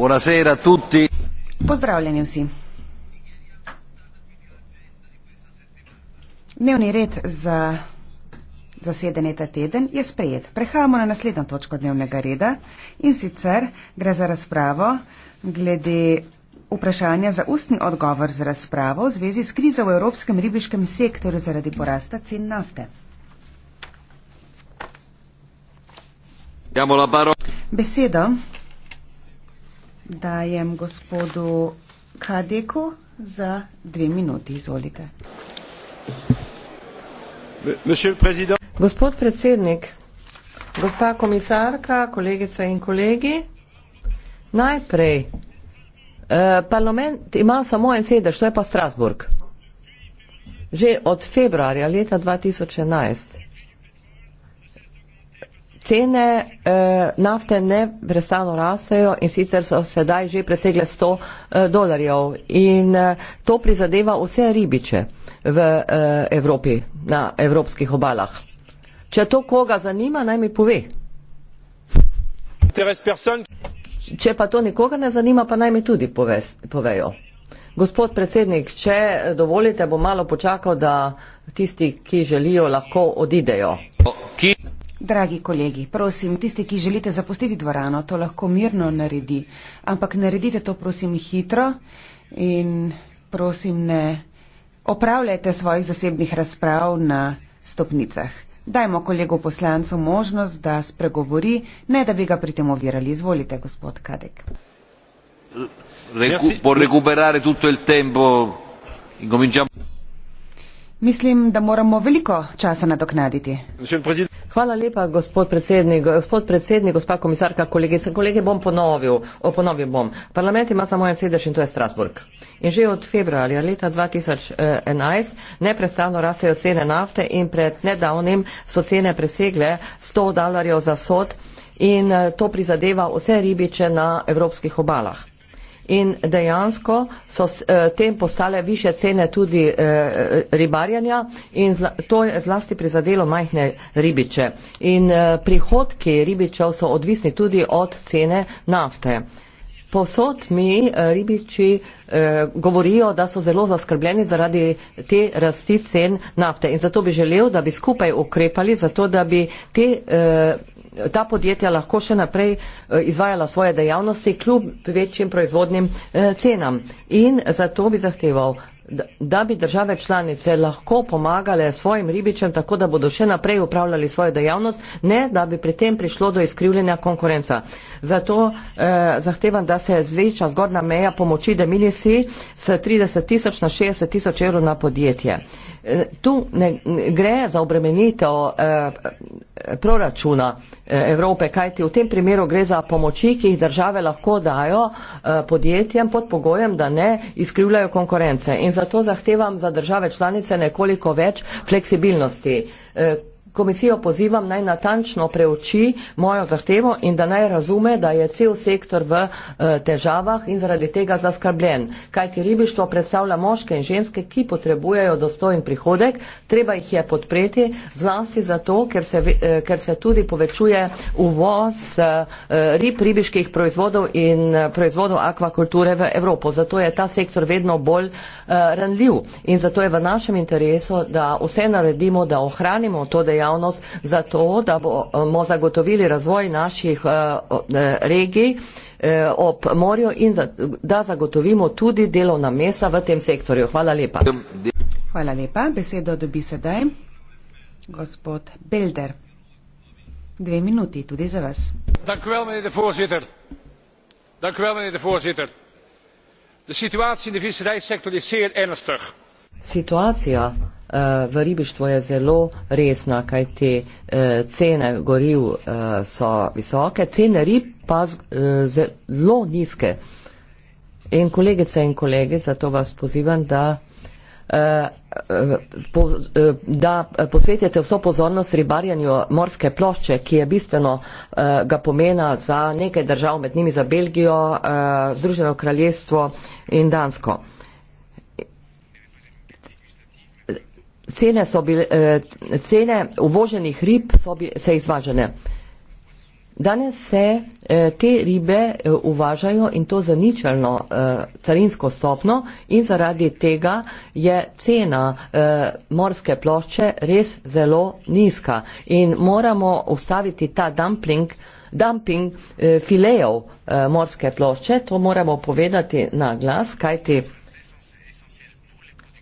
Buonasera a tutti. Pozdravljeni vsi. Dnevni red za zasedanje ta teden je sprejet. Prehajamo na naslednjo točko dnevnega reda in sicer gre za razpravo glede vprašanja za ustni odgovor za razpravo v zvezi s krizo v evropskem ribiškem sektorju zaradi porasta cen nafte. Besedo dajem gospodu Kadeku za dve minuti. Izvolite. Gospod predsednik, gospa komisarka, kolegica in kolegi, najprej, eh, parlament ima samo en sedež, to je pa Strasburg. Že od februarja leta 2011 cene eh, nafte ne prestano rastejo in sicer so sedaj že presegle 100 eh, dolarjev in eh, to prizadeva vse ribiče v eh, Evropi, na evropskih obalah. Če to koga zanima, naj mi pove. Če pa to nikoga ne zanima, pa naj mi tudi pove, povejo. Gospod predsednik, če dovolite, bom malo počakal, da tisti, ki želijo, lahko odidejo. Okay. Dragi kolegi, prosim, tisti, ki želite zapustiti dvorano, to lahko mirno naredi, ampak naredite to, prosim, hitro in prosim, ne opravljajte svojih zasebnih razprav na stopnicah. Dajmo kolegu poslancu možnost, da spregovori, ne da bi ga pri tem ovirali. Izvolite, gospod Kadek. Reku, ja, Mislim, da moramo veliko časa nadoknaditi. Hvala lepa, gospod predsednik. Gospod predsednik, gospa komisarka, kolegice in kolege, bom ponovil, ponovil bom. Parlament ima samo en sedež in to je Strasburg. In že od februarja leta 2011 neprestano rastejo cene nafte in pred nedavnim so cene presegle 100 dolarjev za sod in eh, to prizadeva vse ribiče na evropskih obalah in dejansko so s eh, tem postale više cene tudi eh, ribarjanja in to je zlasti prizadelo majhne ribiče. In eh, prihodki ribičev so odvisni tudi od cene nafte. Posod mi ribiči govorijo, da so zelo zaskrbljeni zaradi te rasti cen nafte in zato bi želel, da bi skupaj ukrepali, zato da bi te ta podjetja lahko še naprej eh, izvajala svoje dejavnosti kljub večjim proizvodnim eh, cenam. In zato bi zahteval, da, da bi države članice lahko pomagale svojim ribičem, tako da bodo še naprej upravljali svojo dejavnost, ne da bi pri tem prišlo do izkrivljenja konkurenca. Zato eh, zahtevam, da se zveča zgodna meja pomoči deminisi s 30 tisoč na 60 tisoč evrov na podjetje. Eh, tu ne gre za obremenitev eh, proračuna, Eh, Evrope, kajti v tem primeru gre za pomoči, ki jih države lahko dajo eh, podjetjem pod pogojem, da ne izkrivljajo konkurence. In zato zahtevam za države članice nekoliko več fleksibilnosti. Eh, komisijo pozivam naj natančno preuči mojo zahtevo in da naj razume, da je cel sektor v eh, težavah in zaradi tega zaskrbljen. Kajti ribištvo predstavlja moške in ženske, ki potrebujejo dostojen prihodek, treba jih je podpreti, zlasti zato, ker se, eh, ker se tudi povečuje uvoz eh, rib, ribiških proizvodov in proizvodov akvakulture v Evropo. Zato je ta sektor vedno bolj ranljiv in zato je v našem interesu, da vse naredimo, da ohranimo to, da je dejavnost za to, da bomo zagotovili razvoj naših eh, eh, regij eh, ob morju in da zagotovimo tudi delovna mesta v tem sektorju. Hvala lepa. Hvala lepa. Besedo dobi sedaj gospod Belder. Dve minuti tudi za vas. Situacija v ribištvu je zelo resna, kaj te eh, cene goriv eh, so visoke, cene rib pa eh, zelo nizke. In kolegice in kolege, zato vas pozivam, da, da posvetite vso pozornost ribarjanju morske plošče, ki je bistveno ga pomena za nekaj držav, med njimi za Belgijo, Združeno kraljestvo in Dansko. cene, so bile, eh, cene uvoženih rib so se izvažene. Danes se eh, te ribe eh, uvažajo in to za ničelno eh, carinsko stopno in zaradi tega je cena eh, morske plošče res zelo nizka in moramo ustaviti ta dumping, dumping eh, filejev eh, morske plošče, to moramo povedati na glas, kajti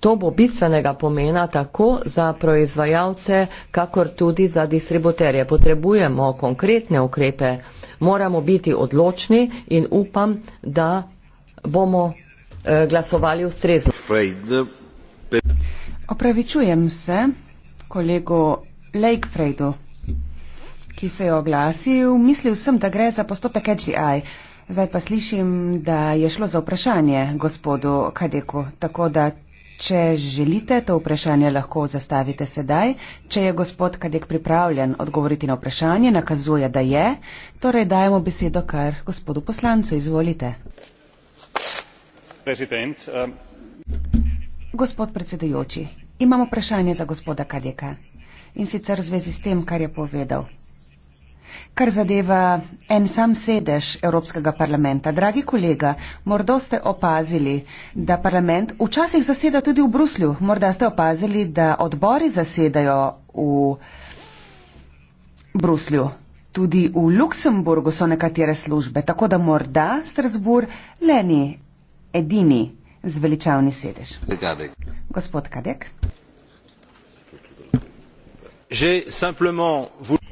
To bo bistvenega pomena tako za proizvajalce, kakor tudi za distributerje. Potrebujemo konkretne ukrepe, moramo biti odločni in upam, da bomo eh, glasovali ustrezno. Opravičujem se kolegu Lakefredu, ki se je oglasil. Mislil sem, da gre za postopek HDI. Zdaj pa slišim, da je šlo za vprašanje gospodu Kadeku, tako da Če želite, to vprašanje lahko zastavite sedaj. Če je gospod Kadek pripravljen odgovoriti na vprašanje, nakazuje, da je, torej dajemo besedo kar gospodu poslancu. Izvolite. President, um... Gospod predsedujoči, imamo vprašanje za gospoda Kadeka in sicer v zvezi s tem, kar je povedal. Kar zadeva en sam sedež Evropskega parlamenta. Dragi kolega, morda ste opazili, da parlament včasih zaseda tudi v Bruslju. Morda ste opazili, da odbori zasedajo v Bruslju. Tudi v Luksemburgu so nekatere službe, tako da morda Strasbur le ni edini zveličavni sedež. Kadek. Gospod Kadek. Že simplement.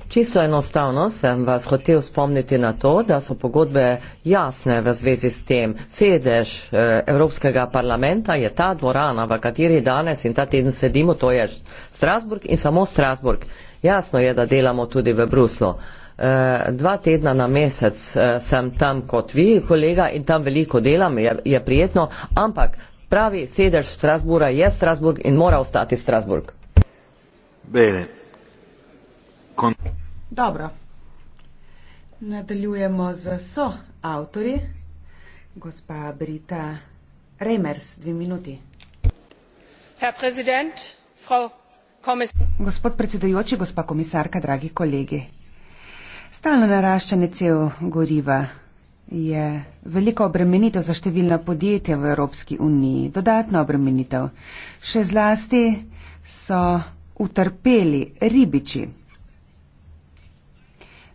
Čisto enostavno sem vas hotel spomniti na to, da so pogodbe jasne v zvezi s tem. Sedež eh, Evropskega parlamenta je ta dvorana, v kateri danes in ta teden sedimo, to je Strasburg in samo Strasburg. Jasno je, da delamo tudi v Bruslu. E, dva tedna na mesec e, sem tam kot vi, kolega, in tam veliko delam, je, je prijetno, ampak pravi sedež Strasbura je Strasburg in mora ostati Strasburg. Bene kon... Dobro. Nadaljujemo z soavtori. Gospa Brita Reimers, dve minuti. Gospod predsedujoči, gospa komisarka, dragi kolegi. Stalno naraščanje cel goriva je velika obremenitev za številna podjetja v Evropski uniji, dodatna obremenitev. Še zlasti so utrpeli ribiči.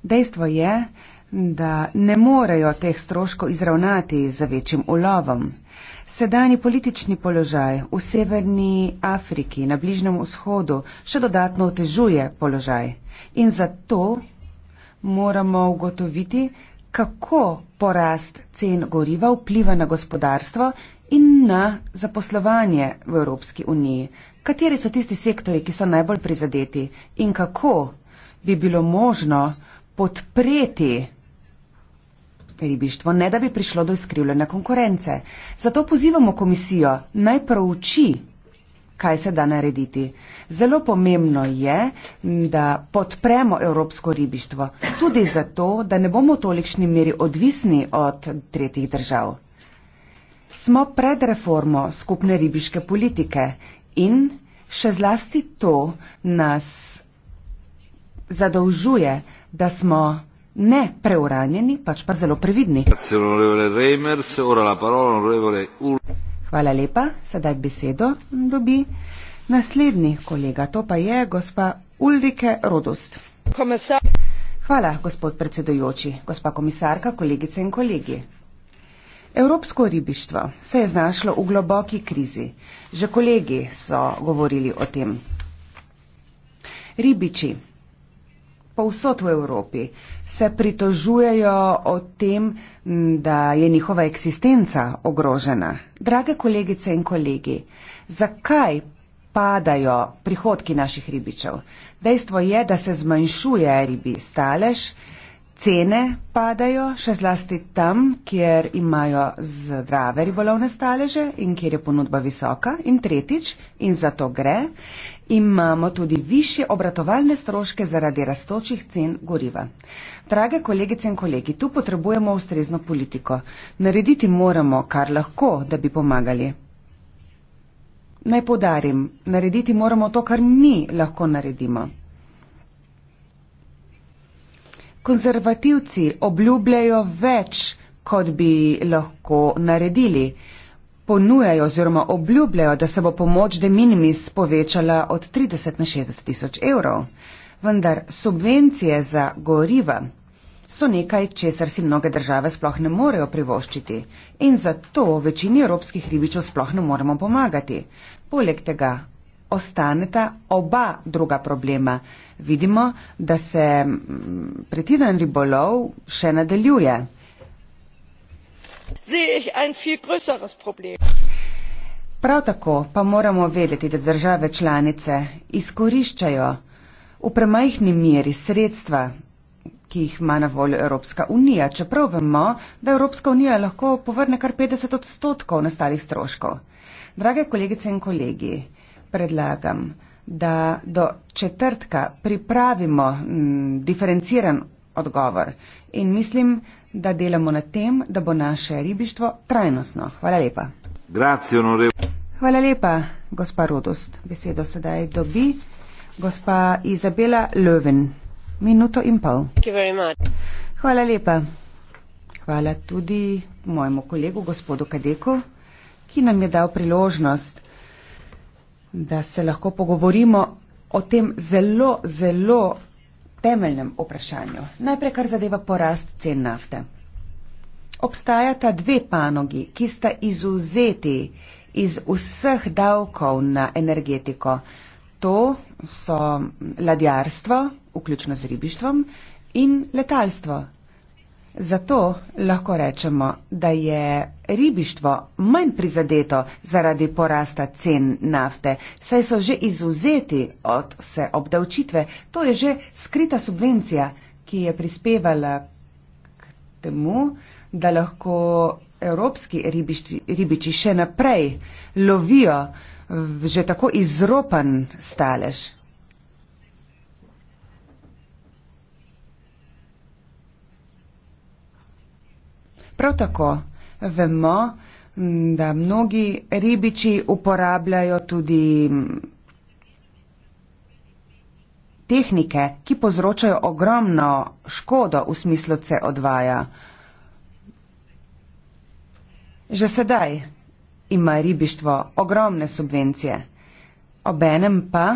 Dejstvo je, da ne morejo teh stroškov izravnati z večjim ulovom. Sedajni politični položaj v severni Afriki, na Bližnjem vzhodu, še dodatno otežuje položaj in zato moramo ugotoviti, kako porast cen goriva vpliva na gospodarstvo in na zaposlovanje v Evropski uniji, kateri so tisti sektori, ki so najbolj prizadeti in kako bi bilo možno, podpreti ribištvo, ne da bi prišlo do izkrivljene konkurence. Zato pozivamo komisijo naj prouči, kaj se da narediti. Zelo pomembno je, da podpremo evropsko ribištvo, tudi zato, da ne bomo v tolikšni meri odvisni od tretjih držav. Smo pred reformo skupne ribiške politike in še zlasti to nas zadolžuje, da smo ne preuranjeni, pač pa zelo previdni. Hvala lepa, sedaj besedo dobi naslednji kolega, to pa je gospa Ulrike Rodost. Hvala, gospod predsedujoči, gospa komisarka, kolegice in kolegi. Evropsko ribištvo se je znašlo v globoki krizi. Že kolegi so govorili o tem. Ribiči povsod v Evropi se pritožujejo o tem, da je njihova eksistenca ogrožena. Drage kolegice in kolegi, zakaj padajo prihodki naših ribičev? Dejstvo je, da se zmanjšuje ribi stalež, cene padajo, še zlasti tam, kjer imajo zdrave ribolovne staleže in kjer je ponudba visoka. In tretjič, in za to gre, imamo tudi više obratovalne stroške zaradi raztočih cen goriva. Drage kolegice in kolegi, tu potrebujemo ustrezno politiko. Narediti moramo, kar lahko, da bi pomagali. Naj podarim, narediti moramo to, kar mi lahko naredimo. Konzervativci obljubljajo več, kot bi lahko naredili ponujajo oziroma obljubljajo, da se bo pomoč de minimis povečala od 30 na 60 tisoč evrov. Vendar subvencije za goriva so nekaj, česar si mnoge države sploh ne morejo privoščiti in zato večini evropskih ribičev sploh ne moremo pomagati. Poleg tega ostaneta oba druga problema. Vidimo, da se pretiden ribolov še nadaljuje. Prav tako pa moramo vedeti, da države članice izkoriščajo v premajhni meri sredstva, ki jih ima na voljo Evropska unija, čeprav vemo, da Evropska unija lahko povrne kar 50 odstotkov nastalih stroškov. Drage kolegice in kolegi, predlagam, da do četrtka pripravimo m, diferenciran odgovor. In mislim, da delamo na tem, da bo naše ribištvo trajnostno. Hvala lepa. Grazie, Hvala lepa, gospa Rodost. Besedo sedaj dobi gospa Izabela Löwen. Minuto in pol. Hvala lepa. Hvala tudi mojemu kolegu, gospodu Kadeku, ki nam je dal priložnost, da se lahko pogovorimo o tem zelo, zelo temeljnem vprašanju, najprej kar zadeva porast cen nafte. Obstajata dve panogi, ki sta izuzeti iz vseh davkov na energetiko. To so ladjarstvo, vključno z ribištvom, in letalstvo, Zato lahko rečemo, da je ribištvo manj prizadeto zaradi porasta cen nafte, saj so že izuzeti od vse obdavčitve. To je že skrita subvencija, ki je prispevala k temu, da lahko evropski ribištvi, ribiči še naprej lovijo v že tako izropan stalež. Prav tako vemo, da mnogi ribiči uporabljajo tudi mm, tehnike, ki povzročajo ogromno škodo v smislu se odvaja. Že sedaj ima ribištvo ogromne subvencije, obenem pa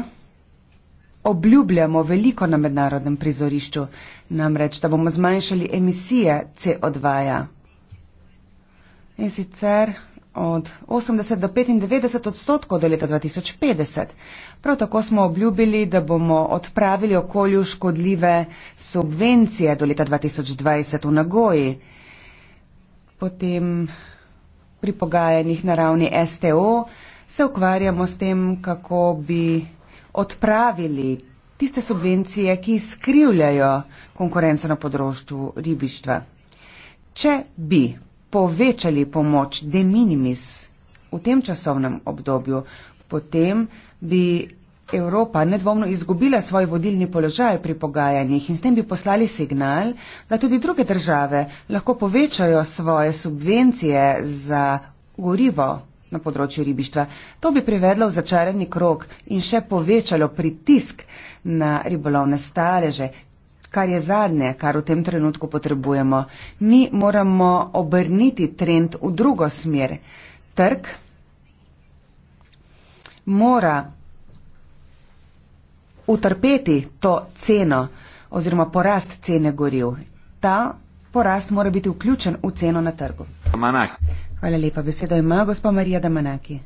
obljubljamo veliko na mednarodnem prizorišču, namreč da bomo zmanjšali emisije CO2. -ja. In sicer od 80 do 95 odstotkov do leta 2050. Prav tako smo obljubili, da bomo odpravili okolju škodljive subvencije do leta 2020 v Nagoji. Potem pri pogajanjih na ravni STO se ukvarjamo s tem, kako bi odpravili tiste subvencije, ki skrivljajo konkurenco na področju ribištva. Če bi povečali pomoč de minimis v tem časovnem obdobju, potem bi Evropa nedvomno izgubila svoj vodilni položaj pri pogajanjih in s tem bi poslali signal, da tudi druge države lahko povečajo svoje subvencije za gorivo na področju ribištva. To bi privedlo v začarani krok in še povečalo pritisk na ribolovne staleže, kar je zadnje, kar v tem trenutku potrebujemo. Mi moramo obrniti trend v drugo smer. Trg mora utrpeti to ceno oziroma porast cene goriv. Ta porast mora biti vključen v ceno na trgu. Hvala lepa. Besedo ima gospod Marija Damanaki.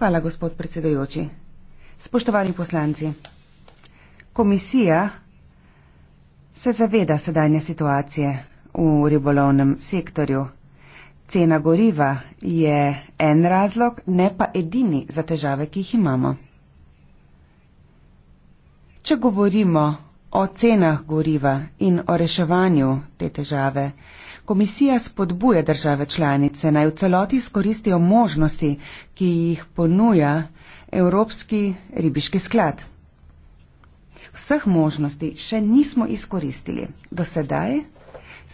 Hvala, gospod predsedujoči. Spoštovani poslanci. Komisija se zaveda sedajne situacije v ribolovnem sektorju. Cena goriva je en razlog, ne pa edini za težave, ki jih imamo. Če govorimo o cenah goriva in o reševanju te težave, komisija spodbuja države članice naj v celoti izkoristijo možnosti, ki jih ponuja Evropski ribiški sklad vseh možnosti še nismo izkoristili. Do sedaj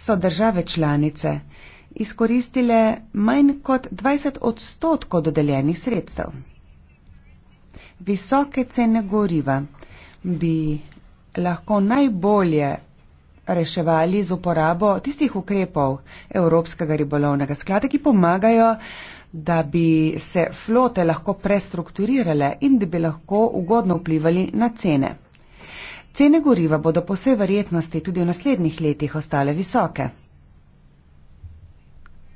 so države članice izkoristile manj kot 20 odstotkov dodeljenih sredstev. Visoke cene goriva bi lahko najbolje reševali z uporabo tistih ukrepov Evropskega ribolovnega sklada, ki pomagajo, da bi se flote lahko prestrukturirale in da bi lahko ugodno vplivali na cene. Cene goriva bodo po vsej verjetnosti tudi v naslednjih letih ostale visoke.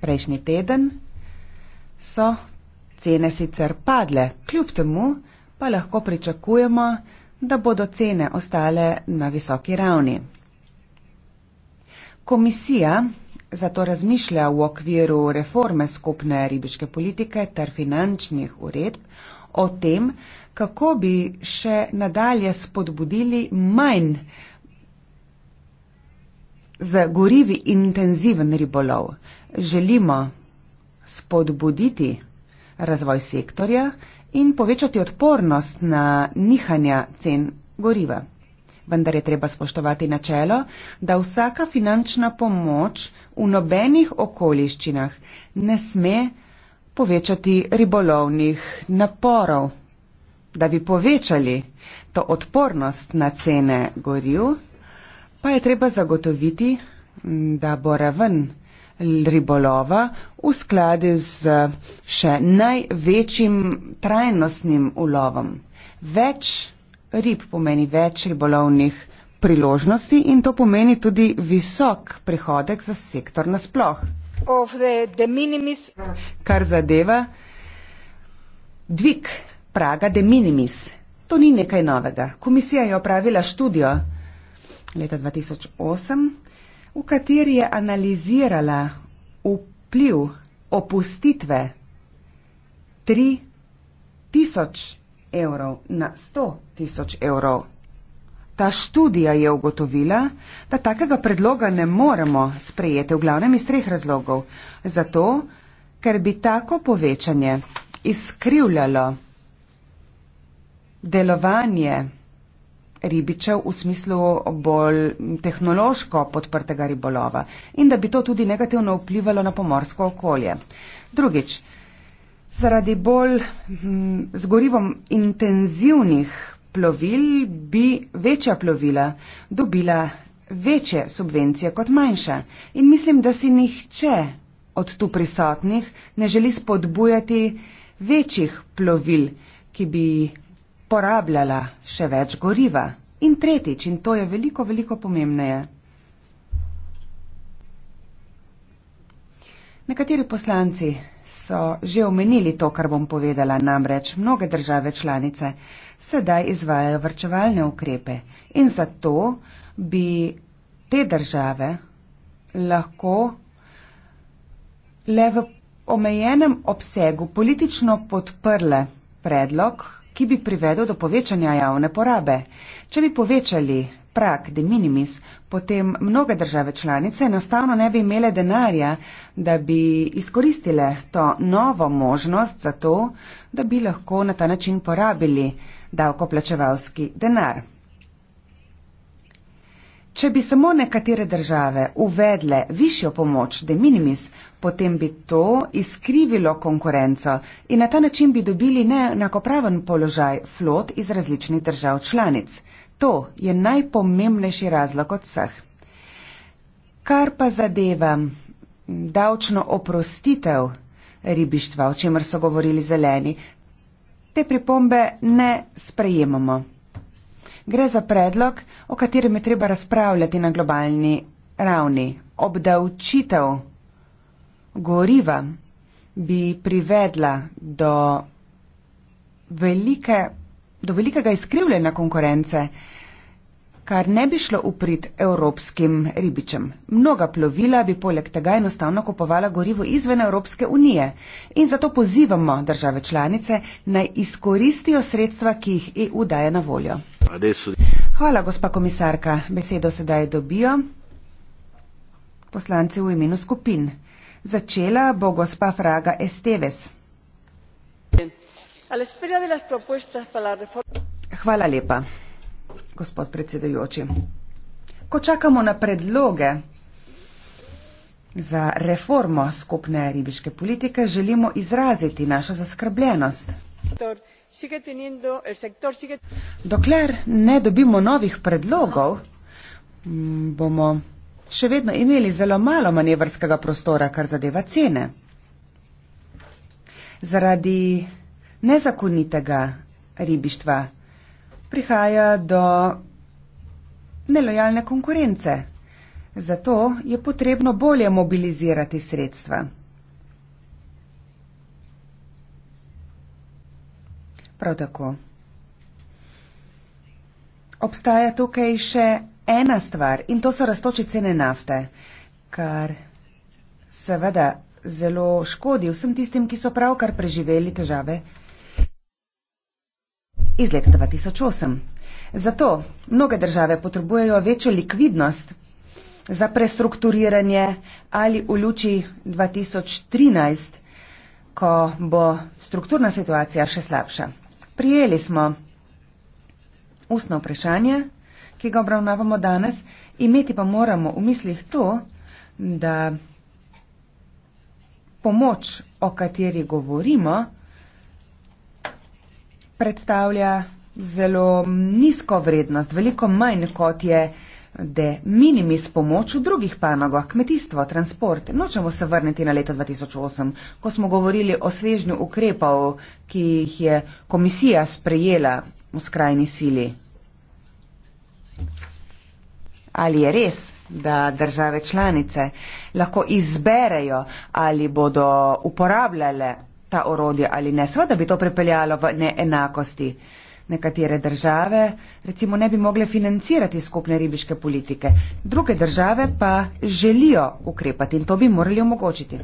Prejšnji teden so cene sicer padle, kljub temu pa lahko pričakujemo, da bodo cene ostale na visoki ravni. Komisija zato razmišlja v okviru reforme skupne ribiške politike ter finančnih uredb o tem, kako bi še nadalje spodbudili manj z gorivi intenziven ribolov. Želimo spodbuditi razvoj sektorja in povečati odpornost na nihanja cen goriva. Vendar je treba spoštovati načelo, da vsaka finančna pomoč v nobenih okoliščinah ne sme povečati ribolovnih naporov da bi povečali to odpornost na cene goril, pa je treba zagotoviti, da bo raven ribolova v skladu z še največjim trajnostnim ulovom. Več rib pomeni več ribolovnih priložnosti in to pomeni tudi visok prihodek za sektor nasploh. Kar zadeva dvig praga de minimis. To ni nekaj novega. Komisija je opravila študijo leta 2008, v kateri je analizirala vpliv opustitve 3000 evrov na 100 tisoč evrov. Ta študija je ugotovila, da takega predloga ne moremo sprejeti, v glavnem iz treh razlogov. Zato, ker bi tako povečanje izkrivljalo delovanje ribičev v smislu bolj tehnološko podprtega ribolova in da bi to tudi negativno vplivalo na pomorsko okolje. Drugič, zaradi bolj hm, z gorivom intenzivnih plovil bi večja plovila dobila večje subvencije kot manjša. In mislim, da si nihče od tu prisotnih ne želi spodbujati večjih plovil, ki bi porabljala še več goriva. In tretjič, in to je veliko, veliko pomembneje. Nekateri poslanci so že omenili to, kar bom povedala, namreč mnoge države članice sedaj izvajajo vrčevalne ukrepe in zato bi te države lahko le v omejenem obsegu politično podprle predlog ki bi privedel do povečanja javne porabe. Če bi povečali prak de minimis, potem mnoge države članice enostavno ne bi imele denarja, da bi izkoristile to novo možnost za to, da bi lahko na ta način porabili davkoplačevalski denar. Če bi samo nekatere države uvedle višjo pomoč de minimis, potem bi to izkrivilo konkurenco in na ta način bi dobili neenakopraven položaj flot iz različnih držav članic. To je najpomembnejši razlog od vseh. Kar pa zadeva davčno oprostitev ribištva, o čemer so govorili zeleni, te pripombe ne sprejemamo. Gre za predlog, o katerem je treba razpravljati na globalni ravni. Obdavčitev goriva bi privedla do, velike, do velikega izkrivljanja konkurence, kar ne bi šlo v prid evropskim ribičem. Mnoga plovila bi poleg tega enostavno kupovala gorivo izven Evropske unije in zato pozivamo države članice naj izkoristijo sredstva, ki jih EU daje na voljo. Hvala, gospa komisarka. Besedo sedaj dobijo poslanci v imenu skupin. Začela bo gospa Fraga Esteves. Hvala lepa, gospod predsedujoči. Ko čakamo na predloge za reformo skupne ribiške politike, želimo izraziti našo zaskrbljenost. Dokler ne dobimo novih predlogov, mm, bomo še vedno imeli zelo malo manevrskega prostora, kar zadeva cene. Zaradi nezakonitega ribištva prihaja do nelojalne konkurence. Zato je potrebno bolje mobilizirati sredstva. Prav tako. Obstaja tukaj še ena stvar in to so raztoče cene nafte, kar seveda zelo škodi vsem tistim, ki so pravkar preživeli težave iz leta 2008. Zato mnoge države potrebujejo večjo likvidnost za prestrukturiranje ali v luči 2013, ko bo strukturna situacija še slabša. Prijeli smo ustno vprašanje ki ga obravnavamo danes, imeti pa moramo v mislih to, da pomoč, o kateri govorimo, predstavlja zelo nizko vrednost, veliko manj kot je de minimis pomoč v drugih panogah, kmetijstvo, transport. Nočemo se vrniti na leto 2008, ko smo govorili o svežnju ukrepov, ki jih je komisija sprejela v skrajni sili. Ali je res, da države članice lahko izberejo, ali bodo uporabljale ta orodje ali ne? Sveda bi to pripeljalo v neenakosti. Nekatere države recimo ne bi mogle financirati skupne ribiške politike, druge države pa želijo ukrepati in to bi morali omogočiti.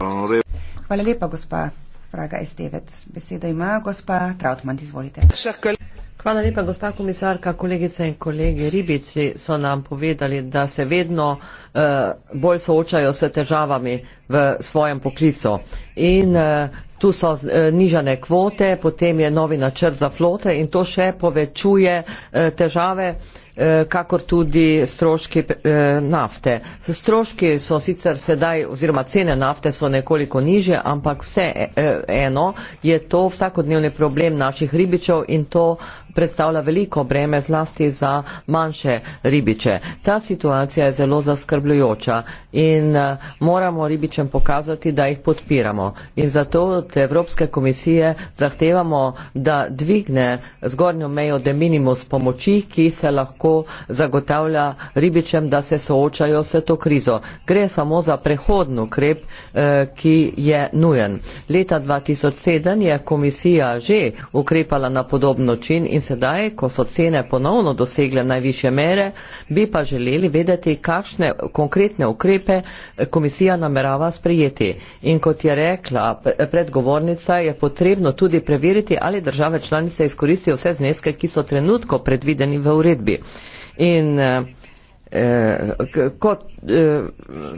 Hvala lepa, gospa Praga Estevec. Besedo ima gospa Trautmann, izvolite. Hvala lepa, gospa komisarka. Kolegice in kolege ribiči so nam povedali, da se vedno uh, bolj soočajo s težavami v svojem poklicu. In uh, tu so uh, nižane kvote, potem je novi načrt za flote in to še povečuje uh, težave kakor tudi stroški nafte. Stroški so sicer sedaj oziroma cene nafte so nekoliko niže, ampak vse eno je to vsakodnevni problem naših ribičev in to predstavlja veliko breme zlasti za manjše ribiče. Ta situacija je zelo zaskrbljujoča in eh, moramo ribičem pokazati, da jih podpiramo. In zato od Evropske komisije zahtevamo, da dvigne zgornjo mejo de minimus pomoči, ki se lahko zagotavlja ribičem, da se soočajo s to krizo. Gre samo za prehodno ukrep, eh, ki je nujen. Leta 2007 je komisija že ukrepala na podobno čin in sedaj, ko so cene ponovno dosegle najviše mere, bi pa želeli vedeti, kakšne konkretne ukrepe komisija namerava sprejeti. In kot je rekla predgovornica, je potrebno tudi preveriti, ali države članice izkoristijo vse zneske, ki so trenutko predvideni v uredbi. In, eh, Eh, kot eh,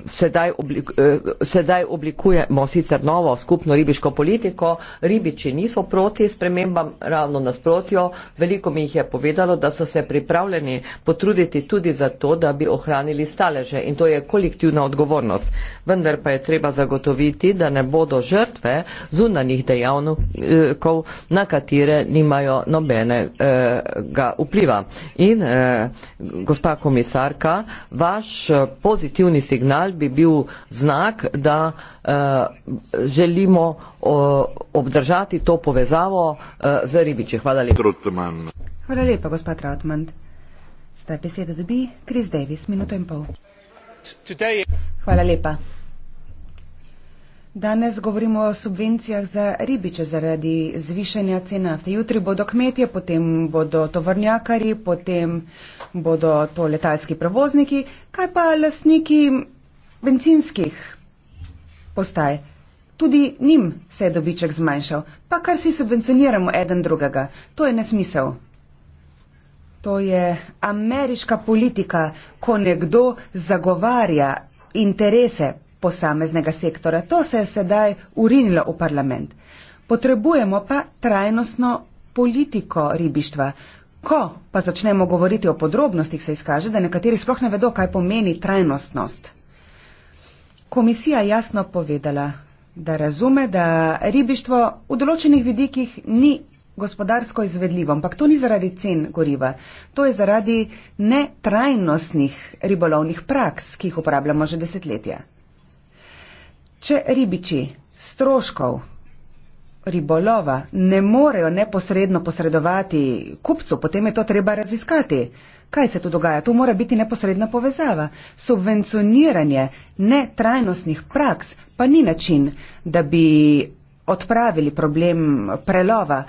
sedaj, oblik, eh, sedaj oblikujemo sicer novo skupno ribiško politiko, ribiči niso proti spremembam, ravno nasprotjo, veliko mi jih je povedalo, da so se pripravljeni potruditi tudi za to, da bi ohranili staleže in to je kolektivna odgovornost. Vendar pa je treba zagotoviti, da ne bodo žrtve zunanih dejavnikov, na katere nimajo nobenega vpliva. In, eh, Marka, vaš eh, pozitivni signal bi bil znak, da uh, želimo uh, obdržati to povezavo uh, z ribiči. Hvala lepa. Trotman. Hvala lepa, gospod Trautmann. Zdaj besedo dobi Kris Davis, minuto in pol. Hvala lepa. Danes govorimo o subvencijah za ribiče zaradi zvišanja cen nafte. Jutri bodo kmetje, potem bodo tovrnjakari, potem bodo to letalski prevozniki. Kaj pa lasniki bencinskih postaj? Tudi njim se je dobiček zmanjšal. Pa kar si subvencioniramo eden drugega. To je nesmisel. To je ameriška politika, ko nekdo zagovarja interese posameznega sektora. To se je sedaj urinilo v parlament. Potrebujemo pa trajnostno politiko ribištva. Ko pa začnemo govoriti o podrobnostih, se izkaže, da nekateri sploh ne vedo, kaj pomeni trajnostnost. Komisija jasno povedala, da razume, da ribištvo v določenih vidikih ni gospodarsko izvedljivo, ampak to ni zaradi cen goriva, to je zaradi netrajnostnih ribolovnih praks, ki jih uporabljamo že desetletja. Če ribiči stroškov ribolova ne morejo neposredno posredovati kupcu, potem je to treba raziskati. Kaj se tu dogaja? Tu mora biti neposredna povezava. Subvencioniranje netrajnostnih praks pa ni način, da bi odpravili problem prelova,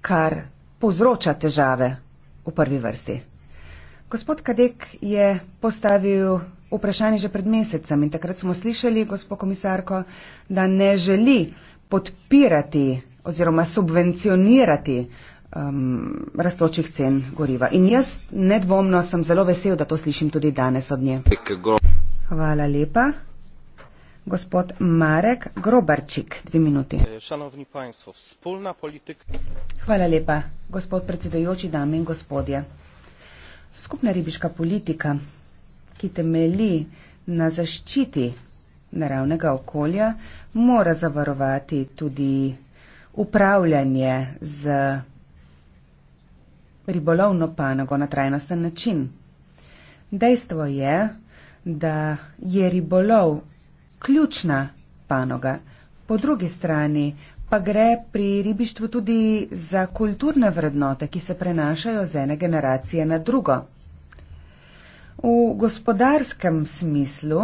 kar povzroča težave v prvi vrsti. Gospod Kadek je postavil vprašanje že pred mesecem in takrat smo slišali, gospod komisarko, da ne želi podpirati oziroma subvencionirati um, rastočih cen goriva. In jaz nedvomno sem zelo vesel, da to slišim tudi danes od nje. Hvala lepa. Gospod Marek Grobarčik, dve minuti. Šanovni panjstvo, spolna politika. Hvala lepa, gospod predsedujoči, dame in gospodje. Skupna ribiška politika ki temeli na zaščiti naravnega okolja, mora zavarovati tudi upravljanje z ribolovno panogo na trajnosten način. Dejstvo je, da je ribolov ključna panoga, po drugi strani pa gre pri ribištvu tudi za kulturne vrednote, ki se prenašajo z ene generacije na drugo. V gospodarskem smislu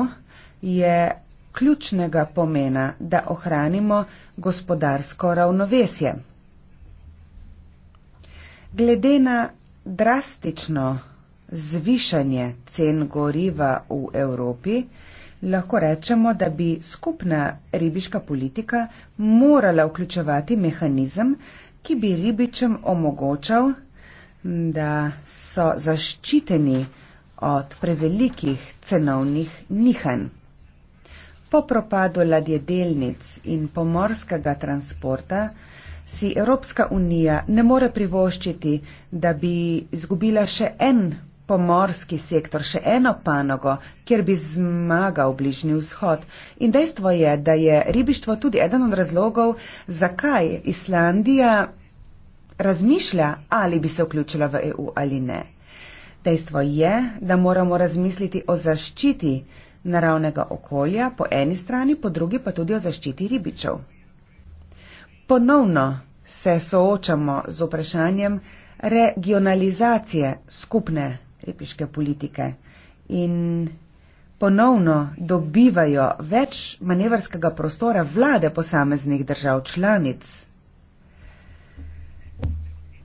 je ključnega pomena, da ohranimo gospodarsko ravnovesje. Glede na drastično zvišanje cen goriva v Evropi, lahko rečemo, da bi skupna ribiška politika morala vključevati mehanizem, ki bi ribičem omogočal, da so zaščiteni od prevelikih cenovnih nihanj. Po propadu ladjedelnic in pomorskega transporta si Evropska unija ne more privoščiti, da bi izgubila še en pomorski sektor, še eno panogo, kjer bi zmagal bližnji vzhod. In dejstvo je, da je ribištvo tudi eden od razlogov, zakaj Islandija razmišlja, ali bi se vključila v EU ali ne. Dejstvo je, da moramo razmisliti o zaščiti naravnega okolja po eni strani, po drugi pa tudi o zaščiti ribičev. Ponovno se soočamo z vprašanjem regionalizacije skupne ribiške politike in ponovno dobivajo več manevrskega prostora vlade posameznih držav članic.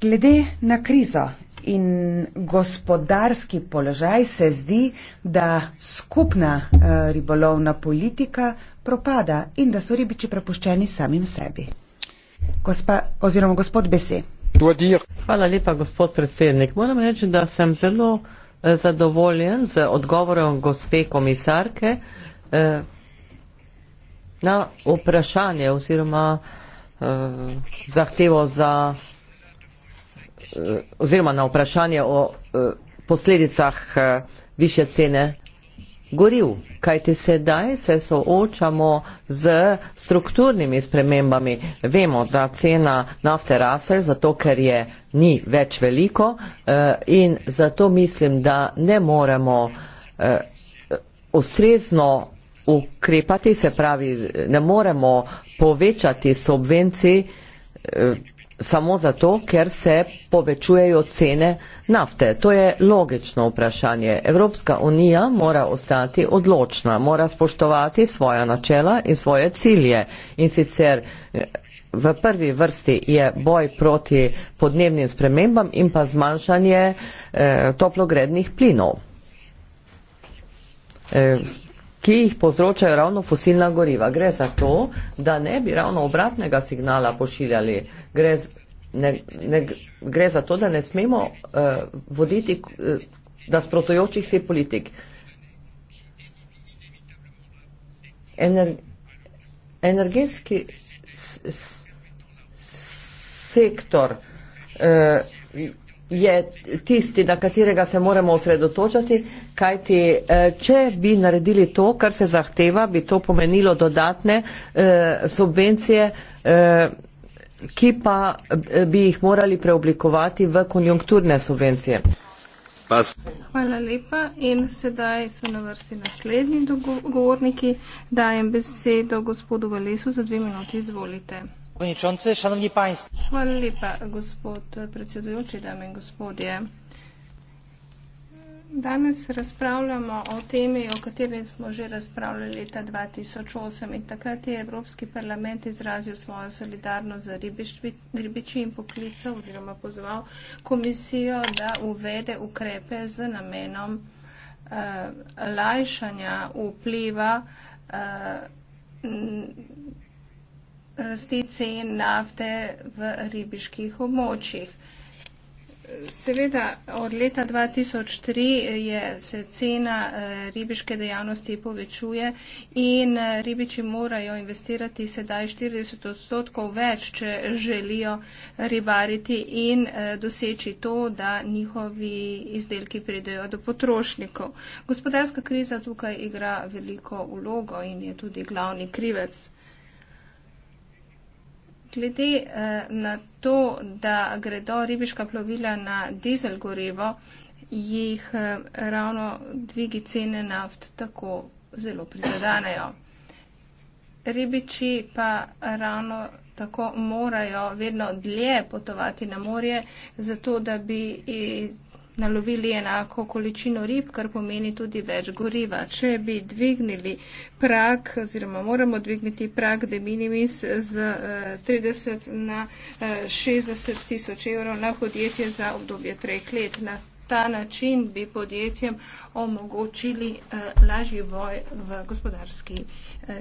Glede na krizo in gospodarski položaj se zdi, da skupna eh, ribolovna politika propada in da so ribiči prepuščeni samim sebi. Gospa, oziroma gospod Bese. Hvala lepa, gospod predsednik. Moram reči, da sem zelo eh, zadovoljen z odgovorom gospe komisarke eh, na vprašanje oziroma zahtevo za Eh, oziroma na vprašanje o eh, posledicah eh, više cene goril. Kaj ti sedaj se soočamo z strukturnimi spremembami? Vemo, da cena nafte rase, zato ker je ni več veliko in zato mislim, da ne moremo ustrezno ukrepati, se pravi, ne moremo povečati subvencij samo zato, ker se povečujejo cene nafte. To je logično vprašanje. Evropska unija mora ostati odločna, mora spoštovati svoja načela in svoje cilje. In sicer v prvi vrsti je boj proti podnebnim spremembam in pa zmanjšanje eh, toplogrednih plinov, eh, ki jih povzročajo ravno fosilna goriva. Gre za to, da ne bi ravno obratnega signala pošiljali eh, gre, ne, ne, gre za to, da ne smemo uh, voditi uh, nasprotujočih se politik. Ener, energetski sektor uh, je tisti, na katerega se moramo osredotočati, kajti uh, če bi naredili to, kar se zahteva, bi to pomenilo dodatne uh, subvencije. Uh, ki pa eh, bi jih morali preoblikovati v konjunkturne subvencije. Pas. Hvala lepa in sedaj so na vrsti naslednji govorniki. Dajem besedo gospodu Valesu za dve minuti. Izvolite. Hvala lepa, gospod eh, predsedujoči, dame in gospodje. Danes razpravljamo o temi, o kateri smo že razpravljali leta 2008 in takrat je Evropski parlament izrazil svojo solidarnost za ribiči in poklical oziroma pozval komisijo, da uvede ukrepe z namenom uh, lajšanja vpliva uh, rasti cen nafte v ribiških območjih. Uh, Seveda, od leta 2003 je, se cena eh, ribiške dejavnosti povečuje in eh, ribiči morajo investirati sedaj 40 odstotkov več, če želijo ribariti in eh, doseči to, da njihovi izdelki pridejo do potrošnikov. Gospodarska kriza tukaj igra veliko ulogo in je tudi glavni krivec. Glede eh, na to, da gredo ribiška plovila na dizel gorivo, jih eh, ravno dvigi cene naft tako zelo prizadanejo. Ribiči pa ravno tako morajo vedno dlje potovati na morje, zato da bi nalovili enako količino rib, kar pomeni tudi več goriva. Če bi dvignili prak, oziroma moramo dvigniti prak de minimis z 30 eh, na 60 eh, tisoč evrov na podjetje za obdobje treh let. Na ta način bi podjetjem omogočili eh, lažji boj v gospodarski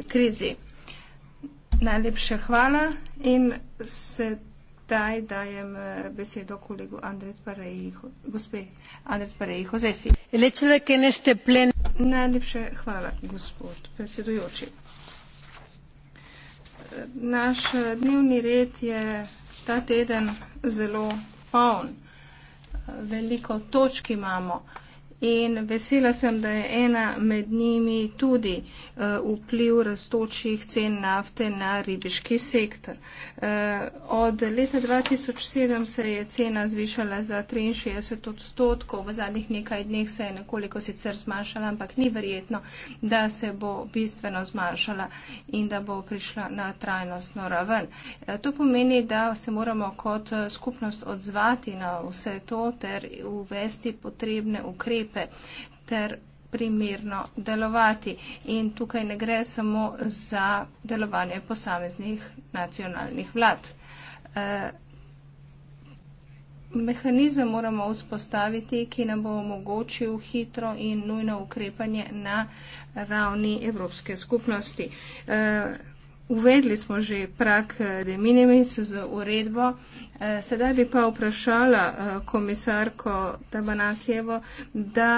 krizi. Najlepše hvala in se. Zdaj dajem eh, besedo kolegu Andres Parejo Zefi. Najlepše hvala, gospod predsedujoči. Naš eh, dnevni red je ta teden zelo poln. Eh, veliko točk imamo in vesela sem, da je ena med njimi tudi eh, vpliv raztočih cen nafte na ribiški sektor. Eh, od leta 2007 se je cena zvišala za 63 odstotkov, v zadnjih nekaj dneh se je nekoliko sicer zmanjšala, ampak ni verjetno, da se bo bistveno zmanjšala in da bo prišla na trajnostno raven. Eh, to pomeni, da se moramo kot skupnost odzvati na vse to ter uvesti potrebne ukrepe ukrepe ter primerno delovati. In tukaj ne gre samo za delovanje posameznih nacionalnih vlad. Eh, mehanizem moramo vzpostaviti, ki nam bo omogočil hitro in nujno ukrepanje na ravni Evropske skupnosti. Uh, uvedli smo že prak eh, de minimis z uredbo. Eh, sedaj bi pa vprašala eh, komisarko Tabanakjevo, da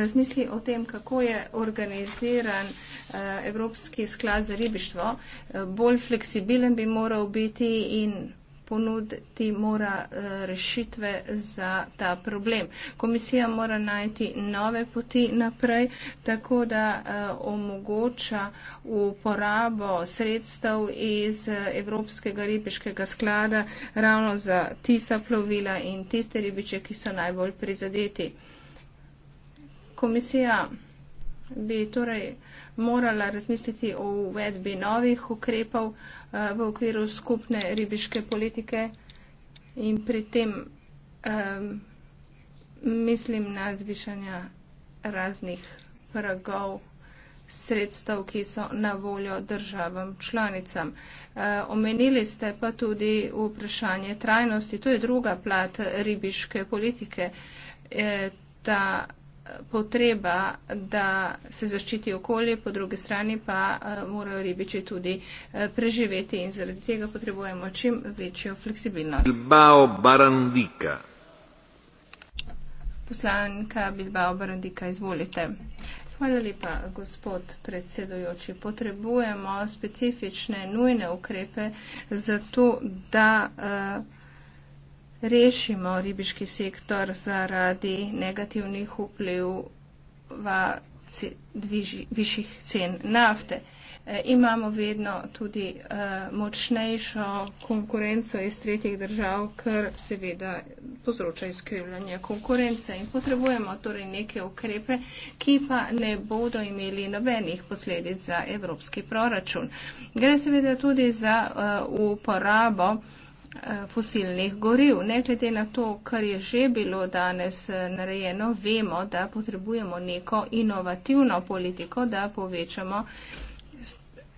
razmisli o tem, kako je organiziran Evropski sklad za ribištvo. Bolj fleksibilen bi moral biti in ponuditi mora eh, rešitve za ta problem. Komisija mora najti nove poti naprej, tako da eh, omogoča uporabo sredstev iz eh, Evropskega ribiškega sklada ravno za tista plovila in tiste ribiče, ki so najbolj prizadeti. Komisija bi torej morala razmisliti o uvedbi novih ukrepov eh, v okviru skupne ribiške politike in pri tem um, mislim na zvišanja raznih pragov sredstev, ki so na voljo državam članicam. E, omenili ste pa tudi vprašanje trajnosti. To je druga plat ribiške politike. E, ta potreba, da se zaščiti okolje, po drugi strani pa eh, morajo ribiči tudi eh, preživeti in zaradi tega potrebujemo čim večjo fleksibilnost. Bilbao Barandika. Poslanka Bilbao Barandika, izvolite. Hvala lepa, gospod predsedojoči. Potrebujemo specifične, nujne ukrepe za to, da. Uh, rešimo ribiški sektor zaradi negativnih vpliv višjih cen nafte. E, imamo vedno tudi e, močnejšo konkurenco iz tretjih držav, kar seveda povzroča izkrivljanje konkurence in potrebujemo torej neke ukrepe, ki pa ne bodo imeli nobenih posledic za evropski proračun. Gre seveda tudi za e, uporabo uh, Eh, fosilnih goriv. Ne glede na to, kar je že bilo danes eh, narejeno, vemo, da potrebujemo neko inovativno politiko, da povečamo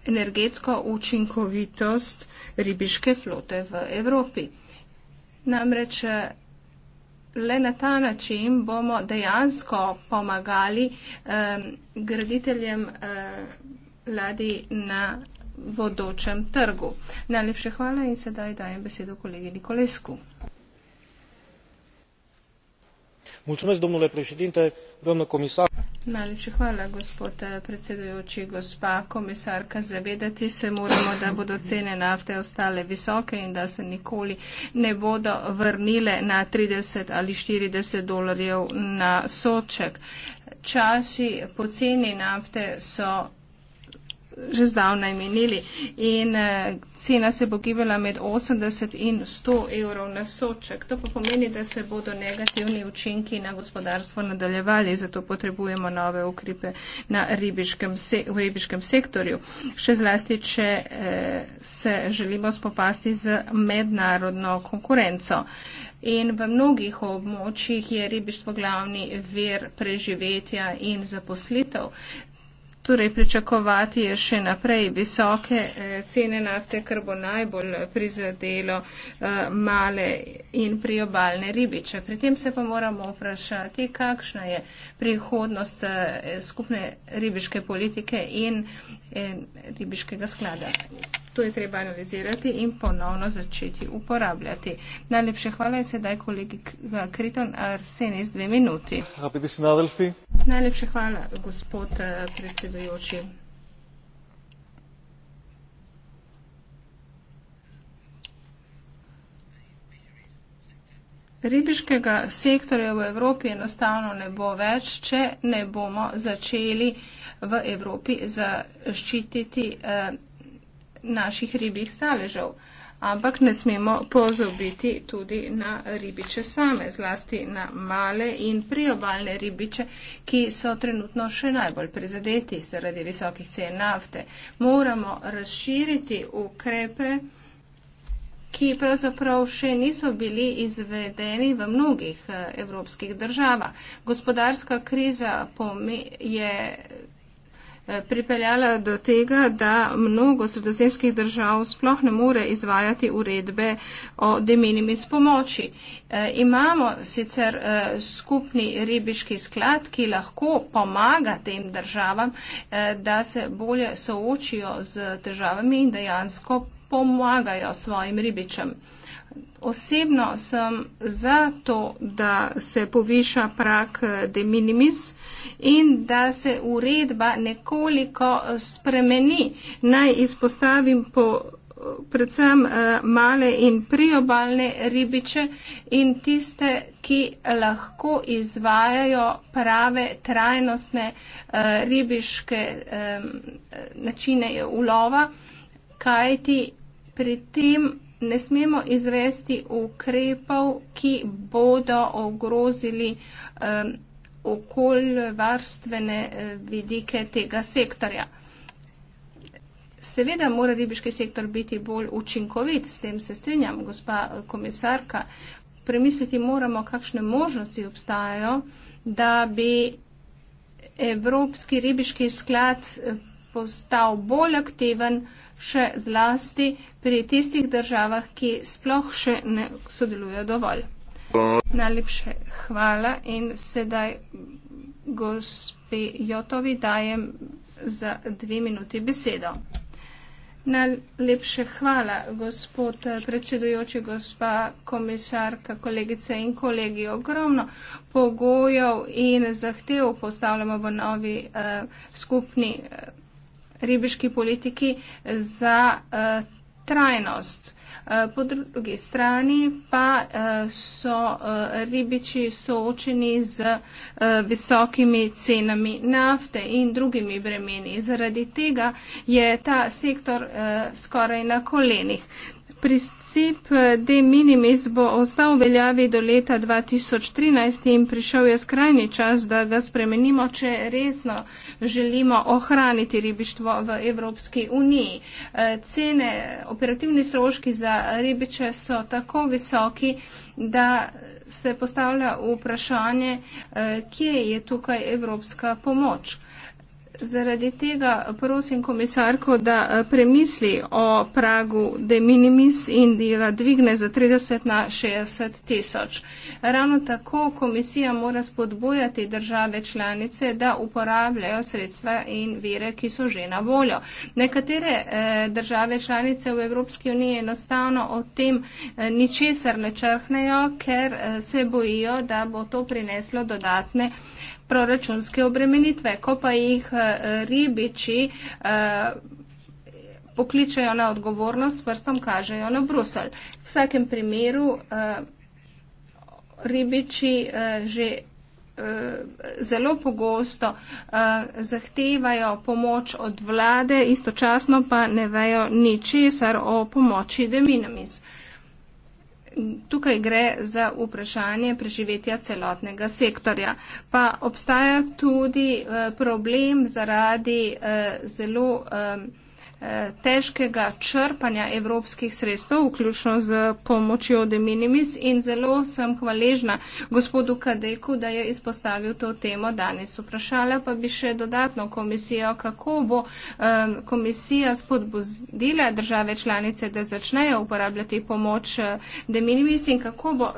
energetsko učinkovitost ribiške flote v Evropi. Namreč eh, le na ta način bomo dejansko pomagali eh, graditeljem eh, ladi na bodočem trgu. Najlepše hvala in sedaj dajem besedo kolegi Nikolescu. Mulțumesc, domnule președinte, doamnă comisar. Najlepše hvala, gospod eh, predsedujoči, gospa komisarka. Zavedati se moramo, da bodo cene nafte ostale visoke in da se nikoli ne bodo vrnile na 30 ali 40 dolarjev na soček. Časi poceni nafte so že zdavnaj menili. In eh, cena se bo gibala med 80 in 100 evrov na soček. To pa pomeni, da se bodo negativni učinki na gospodarstvo nadaljevali, zato potrebujemo nove ukripe na ribiškem se, v ribiškem sektorju. Še zlasti, če eh, se želimo spopasti z mednarodno konkurenco. In v mnogih območjih je ribištvo glavni vir preživetja in zaposlitev torej pričakovati je še naprej visoke eh, cene nafte, kar bo najbolj prizadelo eh, male in priobalne ribiče. Pri tem se pa moramo vprašati, kakšna je prihodnost eh, skupne ribiške politike in ribiškega sklada. To je treba analizirati in ponovno začeti uporabljati. Najlepše hvala in sedaj kolegi Kriton Arseni z dve minuti. Najlepše hvala, gospod eh, predsedujoči. Ribiškega sektorja v Evropi enostavno ne bo več, če ne bomo začeli v Evropi zaščititi. Eh, naših ribjih staležev. Ampak ne smemo pozobiti tudi na ribiče same, zlasti na male in priobalne ribiče, ki so trenutno še najbolj prizadeti zaradi visokih cen nafte. Moramo razširiti ukrepe, ki pravzaprav še niso bili izvedeni v mnogih eh, evropskih državah. Gospodarska kriza je Eh, pripeljala do tega, da mnogo sredozemskih držav sploh ne more izvajati uredbe o demenimi s pomoči. E, imamo sicer e, skupni ribiški sklad, ki lahko pomaga tem državam, e, da se bolje soočijo z državami in dejansko pomagajo svojim ribičem osebno sem za to, da se poviša prak eh, de minimis in da se uredba nekoliko eh, spremeni. Naj izpostavim po eh, predvsem male in priobalne ribiče in tiste, ki lahko izvajajo prave trajnostne ribiške načine ulova, kajti pri tem ne smemo izvesti ukrepov, ki bodo ogrozili um, eh, okoljvarstvene eh, vidike tega sektorja. Seveda mora ribiški sektor biti bolj učinkovit, s tem se strinjam, gospa eh, komisarka. Premisliti moramo, kakšne možnosti obstajajo, da bi Evropski ribiški sklad postal bolj aktiven, uh, še zlasti pri tistih državah, ki sploh še ne sodelujo dovolj. Najlepše hvala in sedaj gospe Jotovi dajem za dve minuti besedo. Najlepše hvala, gospod predsedujoči, gospa komisarka, kolegice in kolegi. Ogromno pogojev in zahtev postavljamo v novi eh, skupni. Eh, ribiški politiki za eh, trajnost. Eh, po drugi strani pa eh, so ribiči soočeni z visokimi cenami nafte in drugimi bremeni. Zaradi tega je ta sektor skoraj na kolenih. Princip eh, de minimis bo ostal v veljavi do leta 2013 in prišel je skrajni čas, da ga spremenimo, če resno želimo ohraniti ribištvo v Evropski uniji. Eh, cene, operativni stroški za ribiče so tako visoki, da se postavlja vprašanje, eh, kje je tukaj evropska pomoč. Zaradi tega prosim komisarko, da eh, premisli o pragu de minimis in da ga dvigne za 30 na 60 tisoč. Ravno tako komisija mora spodbojati države članice, da uporabljajo sredstva in vire, ki so že na voljo. Nekatere eh, države članice v Evropski uniji enostavno o tem eh, ničesar ne črhnejo, ker se bojijo, da bo to prineslo dodatne proračunske obremenitve. Ko pa jih eh, ribiči eh, pokličajo na odgovornost, vrstom kažejo na Brusel. V vsakem primeru eh, ribiči že zelo pogosto zahtevajo pomoč od vlade, istočasno pa ne vejo ničesar o pomoči deminamis tukaj gre za vprašanje preživetja celotnega sektorja. Pa obstaja tudi eh, problem zaradi eh, zelo eh, Eh, težkega črpanja evropskih sredstev, vključno z pomočjo de minimis in zelo sem hvaležna gospodu Kadeku, da je izpostavil to temo danes. Vprašala pa bi še dodatno komisijo, kako bo um, komisija spodbudila države članice, da začnejo uporabljati pomoč eh, de minimis in kako bo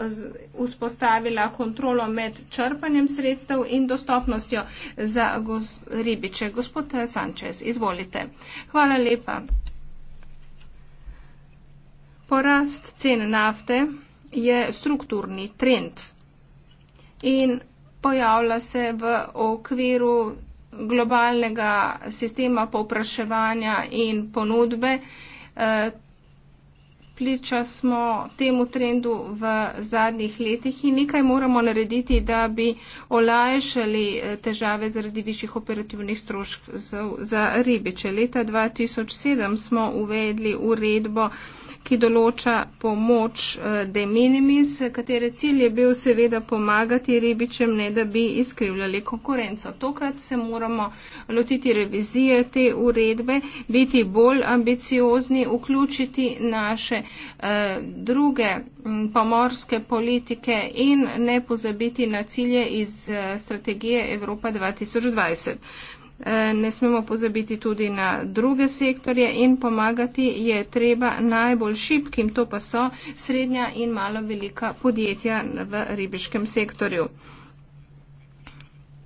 vzpostavila kontrolo med črpanjem sredstev in dostopnostjo za gos ribiče. Gospod eh, Sanchez, izvolite. Hvala lepa lepa. Porast cen nafte je strukturni trend in pojavlja se v okviru globalnega sistema povpraševanja in ponudbe. Eh, priča smo temu trendu v zadnjih letih in nekaj moramo narediti, da bi olajšali eh, težave zaradi višjih operativnih strošk za ribiče. Leta 2007 smo uvedli uredbo ki določa pomoč eh, de minimis, katere cilj je bil seveda pomagati ribičem, ne da bi izkrivljali konkurenco. Tokrat se moramo lotiti revizije te uredbe, biti bolj ambiciozni, vključiti naše eh, druge pomorske politike in ne pozabiti na cilje iz eh, strategije Evropa 2020. Eh, ne smemo pozabiti tudi na druge sektorje in pomagati je treba najbolj šibkim, to pa so srednja in malo velika podjetja v ribiškem sektorju.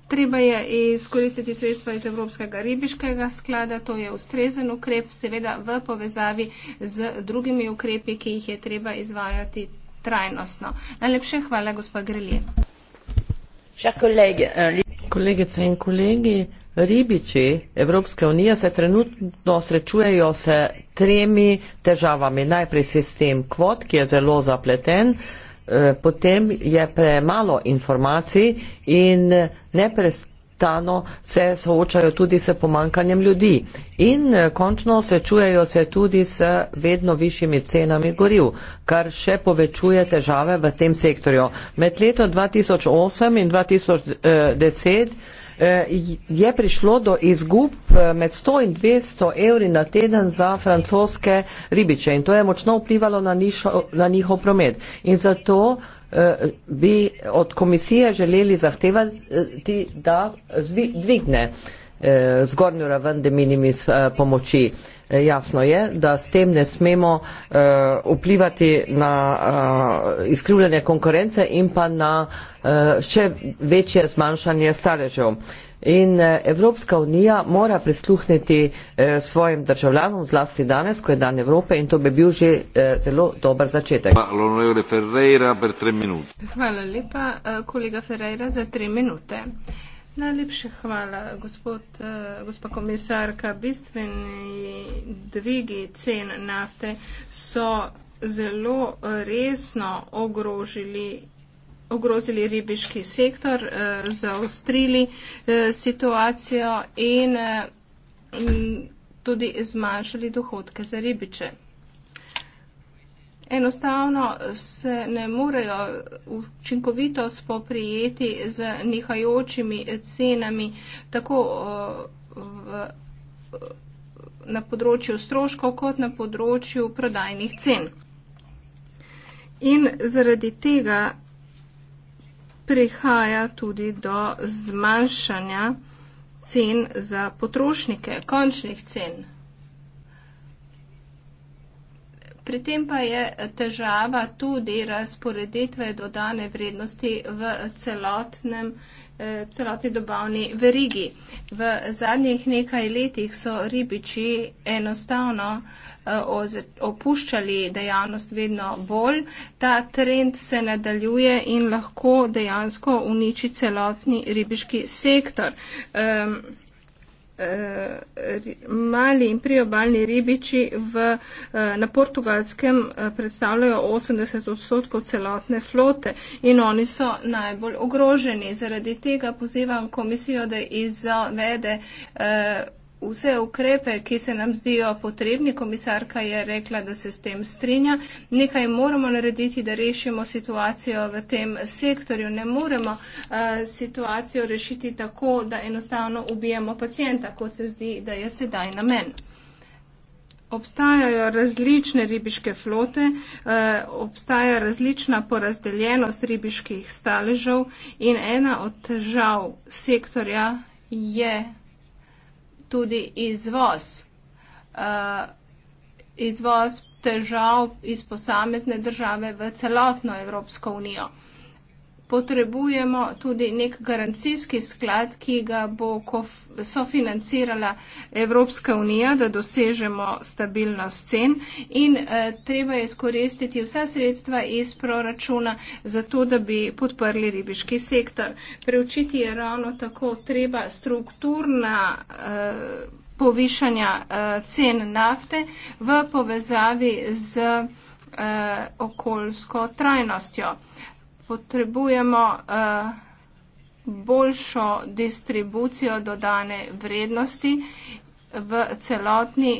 Treba je izkoristiti sredstva iz Evropskega ribiškega sklada, to je ustrezen ukrep, seveda v povezavi z drugimi ukrepi, ki jih je treba izvajati trajnostno. Najlepše hvala, gospod Grelje. Kolegice in kolegi, Ribiči Evropske unije se trenutno srečujejo s tremi težavami. Najprej sistem kvot, ki je zelo zapleten, eh, potem je premalo informacij in eh, neprestano se soočajo tudi s pomankanjem ljudi. In eh, končno srečujejo se tudi s vedno višjimi cenami goriv, kar še povečuje težave v tem sektorju. Med leto 2008 in 2010 Eh, je prišlo do izgub eh, med 100 in 200 evri na teden za francoske ribiče in to je močno vplivalo na, nišo, na njihov promet. In zato eh, bi od komisije želeli zahtevati, da zvi, dvigne zgornjo raven de minimis pomoči. Eh, jasno je, da s tem ne smemo uh, vplivati na uh, izkrivljanje konkurence in pa na uh, še večje zmanjšanje staležev. In Evropska unija mora prisluhniti eh, svojim državljanom, zlasti danes, ko je dan Evrope in to bi bil že eh, zelo dober začetek. Hvala lepa, kolega Ferreira, za tri minute. Najlepše hvala, gospod, uh, gospa komisarka. Bistveni dvigi cen nafte so zelo resno ogrožili ogrozili ribiški sektor, eh, zaostrili eh, situacijo in tudi zmanjšali dohodke za ribiče enostavno se ne morejo učinkovito spoprijeti z nihajočimi cenami tako eh, v, na področju stroškov kot na področju prodajnih cen. In zaradi tega prihaja tudi do zmanjšanja cen za potrošnike, končnih cen. Pri tem pa je težava tudi razporeditve dodane vrednosti v celotnem eh, celotni dobavni verigi. V zadnjih nekaj letih so ribiči enostavno eh, opuščali dejavnost vedno bolj. Ta trend se nadaljuje in lahko dejansko uniči celotni ribiški sektor. Um, Eh, mali in priobalni ribiči v, eh, na portugalskem eh, predstavljajo 80 odstotkov celotne flote in oni so najbolj ogroženi. Zaradi tega pozivam komisijo, da izvede. Eh, vse ukrepe, ki se nam zdijo potrebni. Komisarka je rekla, da se s tem strinja. Nekaj moramo narediti, da rešimo situacijo v tem sektorju. Ne moremo uh, situacijo rešiti tako, da enostavno ubijemo pacijenta, kot se zdi, da je sedaj namen. Obstajajo različne ribiške flote, eh, obstaja različna porazdeljenost ribiških staležev in ena od težav sektorja je tudi izvoz. Uh, izvoz težav iz posamezne države v celotno Evropsko unijo potrebujemo tudi nek garancijski sklad, ki ga bo sofinancirala Evropska unija, da dosežemo stabilnost cen in eh, treba je izkoristiti vsa sredstva iz proračuna za to, da bi podprli ribiški sektor. Preučiti je ravno tako treba strukturna. Eh, povišanja uh, cen nafte v povezavi z uh, okoljsko trajnostjo. Uh, potrebujemo eh, boljšo distribucijo dodane vrednosti v celotni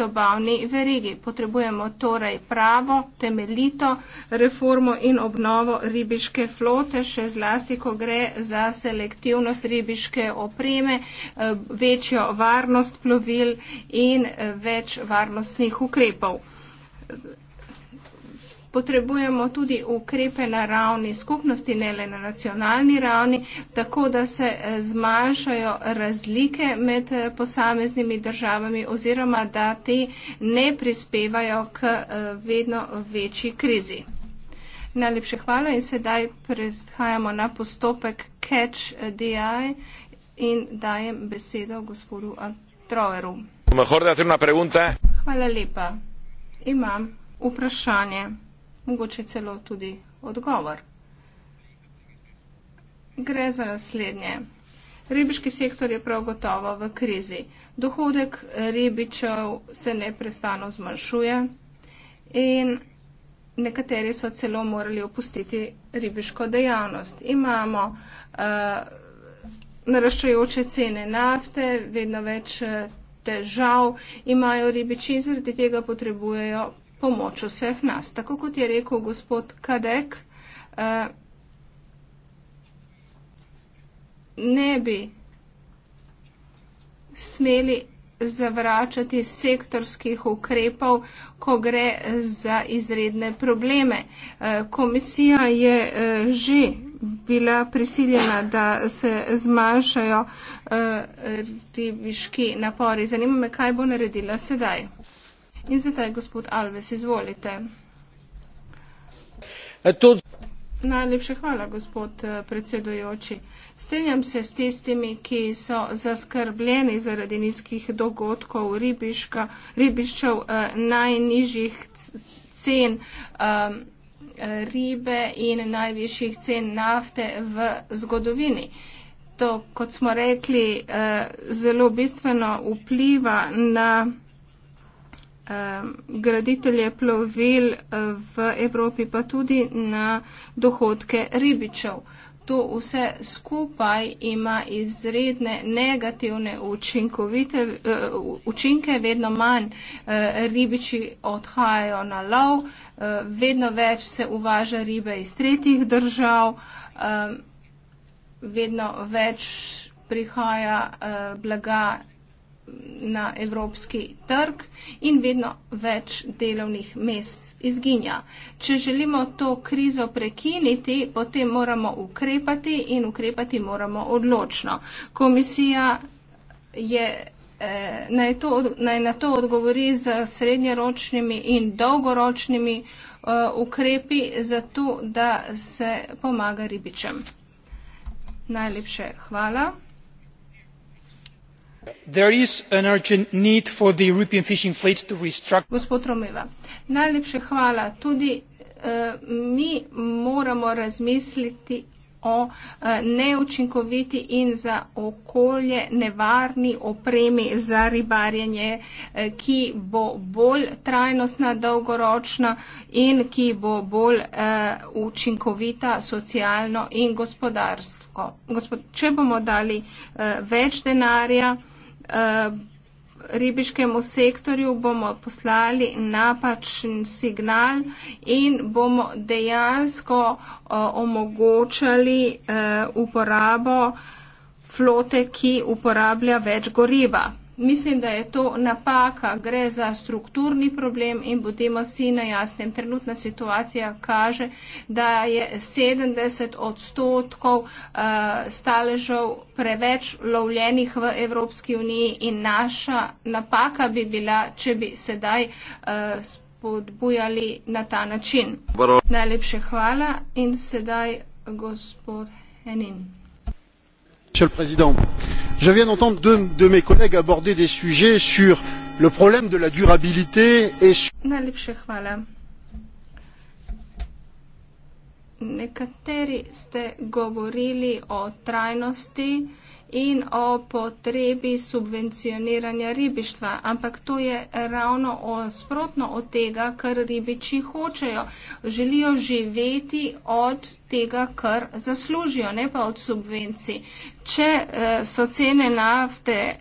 dobavni verigi. Potrebujemo torej pravo, temeljito reformo in obnovo ribiške flote, še zlasti, ko gre za selektivnost ribiške opreme, eh, večjo varnost plovil in eh, več varnostnih ukrepov potrebujemo tudi ukrepe na ravni skupnosti, ne le na nacionalni ravni, tako da se eh, zmanjšajo razlike med eh, posameznimi državami oziroma da te ne prispevajo k eh, vedno večji krizi. Najlepše hvala in sedaj prehajamo na postopek Catch DI in dajem besedo gospodu Troveru. Hvala lepa. Imam vprašanje mogoče celo tudi odgovor. Gre za naslednje. Ribiški sektor je prav gotovo v krizi. Dohodek ribičev se neprestano zmanjšuje in nekateri so celo morali opustiti ribiško dejavnost. Imamo uh, naraščajoče cene nafte, vedno več eh, težav imajo ribiči, zaradi tega potrebujejo pomoč vseh nas. Tako kot je rekel gospod Kadek, eh, ne bi smeli zavračati sektorskih ukrepov, ko gre za izredne probleme. Eh, komisija je eh, že bila prisiljena, da se zmanjšajo ribiški napori. Zanima me, kaj bo naredila sedaj. In zdaj, gospod Alves, izvolite. E, Najlepša hvala, gospod eh, predsedujoči. Strenjam se s tistimi, ki so zaskrbljeni zaradi nizkih dogodkov ribiščev eh, najnižjih cen ehm, ribe in najvišjih cen nafte v zgodovini. To, kot smo rekli, eh, zelo bistveno vpliva na graditelje plovil eh, v Evropi, pa tudi na dohodke ribičev. To vse skupaj ima izredne negativne učinkovite, eh, učinke, vedno manj eh, ribiči odhajajo na lov, vedno več se uvaža ribe iz tretjih držav, vedno več prihaja blaga na evropski trg in vedno več delovnih mest izginja. Če želimo to krizo prekiniti, potem moramo ukrepati in ukrepati moramo odločno. Komisija je, eh, naj, to, naj na to odgovori z srednjeročnimi in dolgoročnimi eh, ukrepi za to, da se pomaga ribičem. Najlepše hvala there is an urgent need for the european fishing fleet to restructure. najlepša hvala tudi uh, mi moramo razmisliti o eh, neučinkoviti in za okolje nevarni opremi za ribarjenje, eh, ki bo bolj trajnostna, dolgoročna in ki bo bolj učinkovita socialno in gospodarsko. Gospod, če bomo dali več denarja, Eh, ribiškemu sektorju bomo poslali napačen signal in bomo dejansko eh, omogočali eh, uporabo flote, ki uporablja več goriva. Mislim, da je to napaka, gre za strukturni problem in bodimo si na jasnem. Trenutna situacija kaže, da je 70 odstotkov eh, staležev preveč lovljenih v Evropski uniji in naša napaka bi bila, če bi sedaj eh, spodbujali na ta način. Najlepše hvala in sedaj gospod Henin monsieur le président je viens d'entendre deux de mes collègues aborder des sujets sur le problème de la durabilité et sur Najlepše hvala. Nekateri ste govorili o trajnosti, uh, in o potrebi subvencioniranja ribištva. Ampak to je ravno o, sprotno od tega, kar ribiči hočejo. Želijo živeti od tega, kar zaslužijo, ne pa od subvencij. Če eh, so cene nafte eh,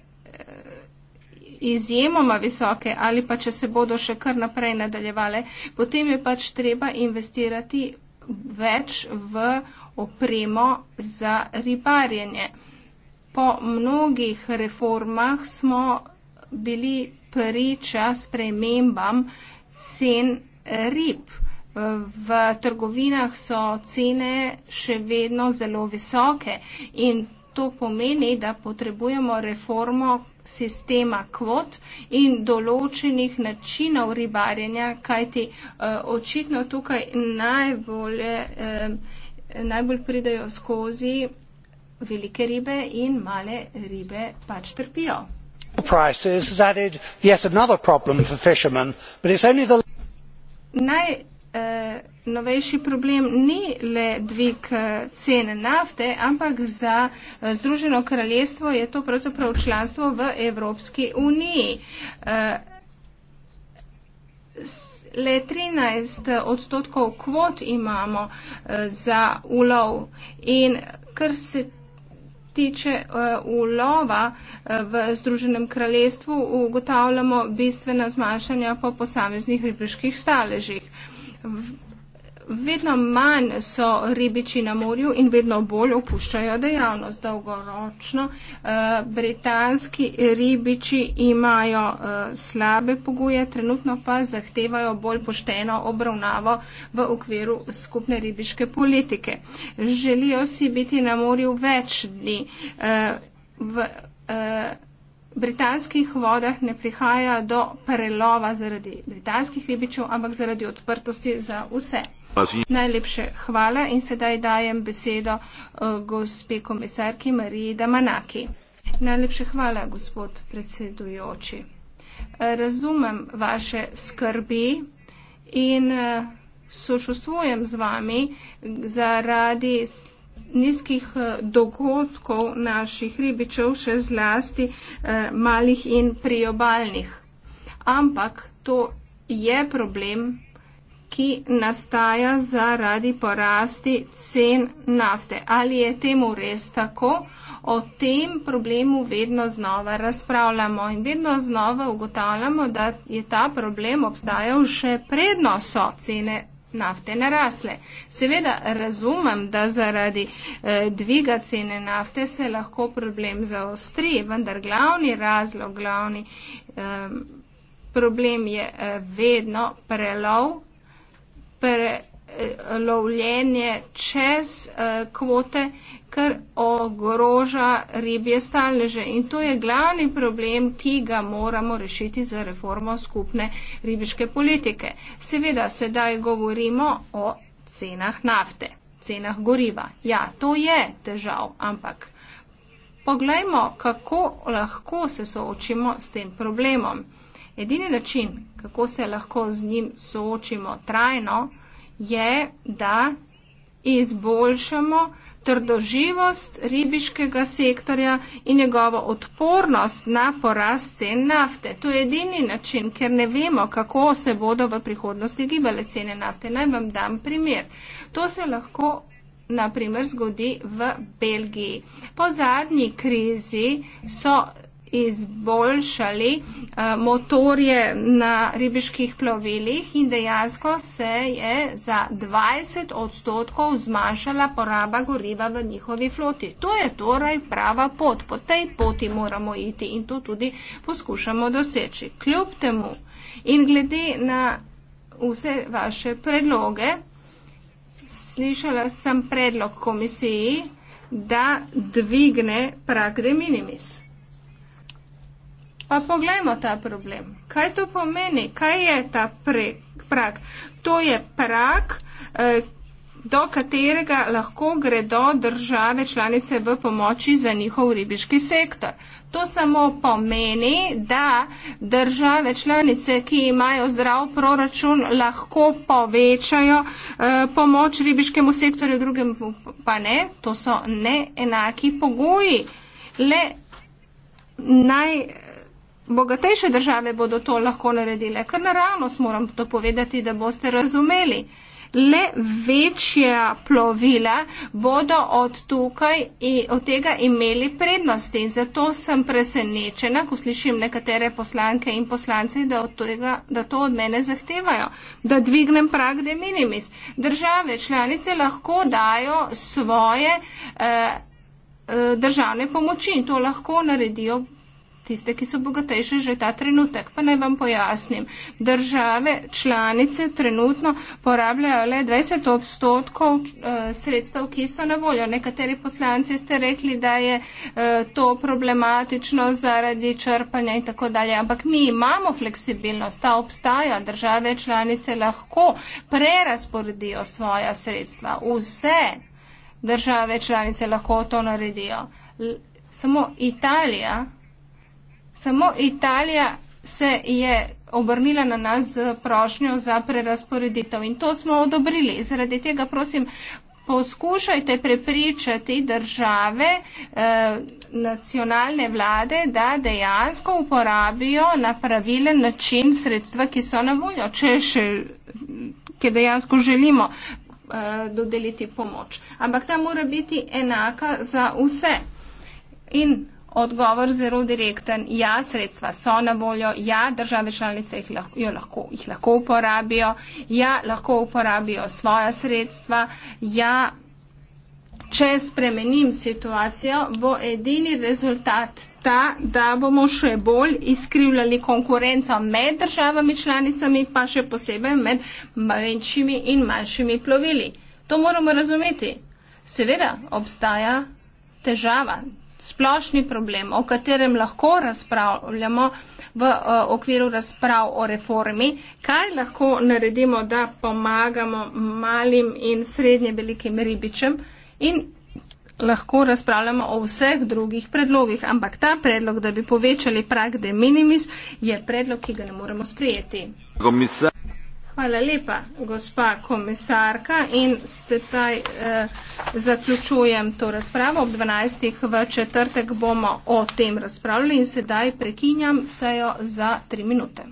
izjemoma visoke ali pa če se bodo še kar naprej nadaljevale, potem je pač treba investirati več v opremo za ribarjenje. Po mnogih reformah smo bili priča spremembam cen rib. V trgovinah so cene še vedno zelo visoke in to pomeni, da potrebujemo reformo sistema kvot in določenih načinov ribarjenja, kajti eh, očitno tukaj eh, najbolj, najbolj pridajo skozi velike ribe in male ribe pač trpijo. Naj eh, novejši problem ni le dvig eh, cen nafte, ampak za eh, Združeno kraljestvo je to pravzaprav članstvo v Evropski uniji. Le 13 odstotkov kvot imamo za ulov in kar se tiče tiče eh, ulova eh, v Združenem kraljestvu, ugotavljamo bistvena zmanjšanja po posameznih ribiških staležih vedno manj so ribiči na morju in vedno bolj opuščajo dejavnost. Dolgoročno eh, britanski ribiči imajo eh, slabe pogoje, trenutno pa zahtevajo bolj pošteno obravnavo v okviru skupne ribiške politike. Želijo si biti na morju več dni. Eh, v, V britanskih vodah ne prihaja do prelova zaradi britanskih ribičev, ampak zaradi odprtosti za vse. Najlepše hvala in sedaj dajem besedo eh, gospe komisarki Mariji Damanaki. Najlepše hvala, gospod predsedujoči. Eh, razumem vaše skrbi in eh, sošustvujem z vami zaradi nizkih dogodkov naših ribičev, še zlasti malih in priobalnih. Ampak to je problem ki nastaja zaradi porasti cen nafte. Ali je temu res tako? O tem problemu vedno znova razpravljamo in vedno znova ugotavljamo, da je ta problem obstajal še predno so cene nafte narasle. Seveda razumem, da zaradi eh, dviga cene nafte se lahko problem zaostri, vendar glavni razlog, glavni eh, problem je eh, vedno prelov prelovljenje čez eh, kvote, kar ogroža ribje staleže. In to je glavni problem, ki ga moramo rešiti za reformo skupne ribiške politike. Seveda, sedaj govorimo o cenah nafte, cenah goriva. Ja, to je težav, ampak poglejmo, kako lahko se soočimo s tem problemom. Edini način, kako se lahko z njim soočimo trajno, je, da izboljšamo trdoživost ribiškega sektorja in njegovo odpornost na porast cen nafte. To je edini način, ker ne vemo, kako se bodo v prihodnosti gibale cene nafte. Naj vam dam primer. To se lahko, na primer, zgodi v Belgiji. Po zadnji krizi so izboljšali uh, motorje na ribiških plovilih in dejansko se je za 20 odstotkov zmanjšala poraba goriva v njihovi floti. To je torej prava pot. Po tej poti moramo iti in to tudi poskušamo doseči. Kljub temu in glede na vse vaše predloge, slišala sem predlog komisiji, da dvigne prag de minimis. Pa poglejmo ta problem. Kaj to pomeni? Kaj je ta pre, prak? To je prak, eh, do katerega lahko gredo države članice v pomoči za njihov ribiški sektor. To samo pomeni, da države članice, ki imajo zdrav proračun, lahko povečajo eh, pomoč ribiškemu sektorju, drugem pa ne. To so neenaki pogoji. Le naj bogatejše države bodo to lahko naredile. Ker naravno moram to povedati, da boste razumeli. Le večja plovila bodo od tukaj in od tega imeli prednosti. In zato sem presenečena, ko slišim nekatere poslanke in poslance, da, od tega, da to od mene zahtevajo, da dvignem prag de minimis. Države članice lahko dajo svoje eh, eh državne pomoči in to lahko naredijo tiste, ki so bogatejše že ta trenutek. Pa naj vam pojasnim. Države članice trenutno porabljajo le 20 odstotkov eh, sredstev, ki so na voljo. Nekateri poslanci ste rekli, da je eh, to problematično zaradi črpanja in tako dalje. Ampak mi imamo fleksibilnost, ta obstaja. Države članice lahko prerasporedijo svoja sredstva. Vse države članice lahko to naredijo. Samo Italija Samo Italija se je obrnila na nas z prošnjo za prerasporeditev in to smo odobrili. Zaradi tega, prosim, poskušajte prepričati države, eh, nacionalne vlade, da dejansko uporabijo na pravilen način sredstva, ki so na voljo, če še, ki dejansko želimo eh, dodeliti pomoč. Ampak ta mora biti enaka za vse. In Odgovor zelo direkten, ja, sredstva so na voljo, ja, države članice jih lahko, lahko, jih lahko uporabijo, ja, lahko uporabijo svoja sredstva, ja, če spremenim situacijo, bo edini rezultat ta, da bomo še bolj izkrivljali konkurenco med državami članicami, pa še posebej med manjšimi in manjšimi plovili. To moramo razumeti. Seveda obstaja težava, splošni problem, o katerem lahko razpravljamo v eh, okviru razprav o reformi, kaj lahko naredimo, da pomagamo malim in srednje velikim ribičem in lahko razpravljamo o vseh drugih predlogih, ampak ta predlog, da bi povečali prag de minimis, je predlog, ki ga ne moremo sprijeti. Komisar. Hvala lepa, gospa komisarka. In taj, eh, zaključujem to razpravo. Ob 12. v četrtek bomo o tem razpravljali in sedaj prekinjam sejo za tri minute.